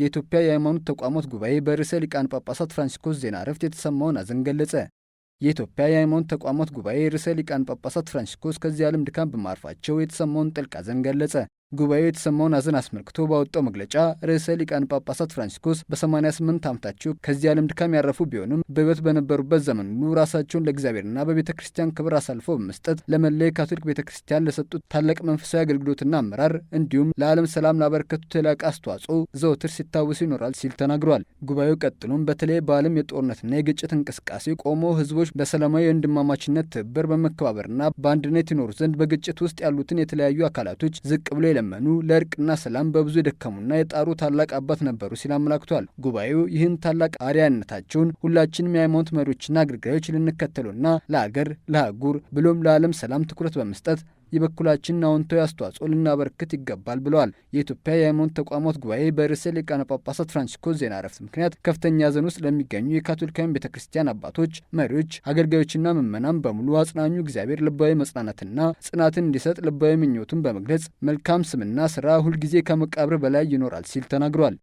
የኢትዮጵያ የሃይማኖት ተቋማት ጉባኤ በርዕሰ ሊቃን ጳጳሳት ፍራንሲስኮስ ዜና እረፍት የተሰማውን አዘን ገለጸ። የኢትዮጵያ የሃይማኖት ተቋማት ጉባኤ ርዕሰ ሊቃን ጳጳሳት ፍራንሲስኮስ ከዚህ ዓለም ድካም በማረፋቸው የተሰማውን ጥልቅ አዘን ገለጸ። ጉባኤው የተሰማውን ሐዘን አስመልክቶ ባወጣው መግለጫ ርዕሰ ሊቃነ ጳጳሳት ፍራንሲስኮስ በ88 ዓመታቸው ከዚህ ዓለም ድካም ያረፉ ቢሆንም በሕይወት በነበሩበት ዘመን ሙሉ ራሳቸውን ለእግዚአብሔርና በቤተ ክርስቲያን ክብር አሳልፎ በመስጠት ለመለየ ካቶሊክ ቤተ ክርስቲያን ለሰጡት ታላቅ መንፈሳዊ አገልግሎትና አመራር እንዲሁም ለዓለም ሰላም ላበረከቱት የላቀ አስተዋጽኦ ዘወትር ሲታወሱ ይኖራል ሲል ተናግሯል። ጉባኤው ቀጥሎም በተለይ በዓለም የጦርነትና የግጭት እንቅስቃሴ ቆሞ ህዝቦች በሰላማዊ የወንድማማችነት ትብብር በመከባበርና በአንድነት ይኖሩ ዘንድ በግጭት ውስጥ ያሉትን የተለያዩ አካላቶች ዝቅ ብሎ የለመኑ ለእርቅና ሰላም በብዙ የደከሙና የጣሩ ታላቅ አባት ነበሩ ሲል አመላክቷል። ጉባኤው ይህን ታላቅ አርያነታቸውን ሁላችንም የሃይማኖት መሪዎችና አገልጋዮች ልንከተሉና ለአገር ለአህጉር ብሎም ለዓለም ሰላም ትኩረት በመስጠት የበኩላችንን አዎንታዊ አስተዋጽኦ ልናበረክት ይገባል ብለዋል። የኢትዮጵያ የሃይማኖት ተቋማት ጉባኤ በርዕሰ ሊቃነ ጳጳሳት ፍራንሲስኮስ ዜና እረፍት ምክንያት ከፍተኛ ሐዘን ውስጥ ለሚገኙ የካቶሊካውያን ቤተ ክርስቲያን አባቶች፣ መሪዎች፣ አገልጋዮችና ምዕመናን በሙሉ አጽናኙ እግዚአብሔር ልባዊ መጽናናትና ጽናትን እንዲሰጥ ልባዊ ምኞቱን በመግለጽ መልካም ስምና ስራ ሁልጊዜ ከመቃብር በላይ ይኖራል ሲል ተናግሯል።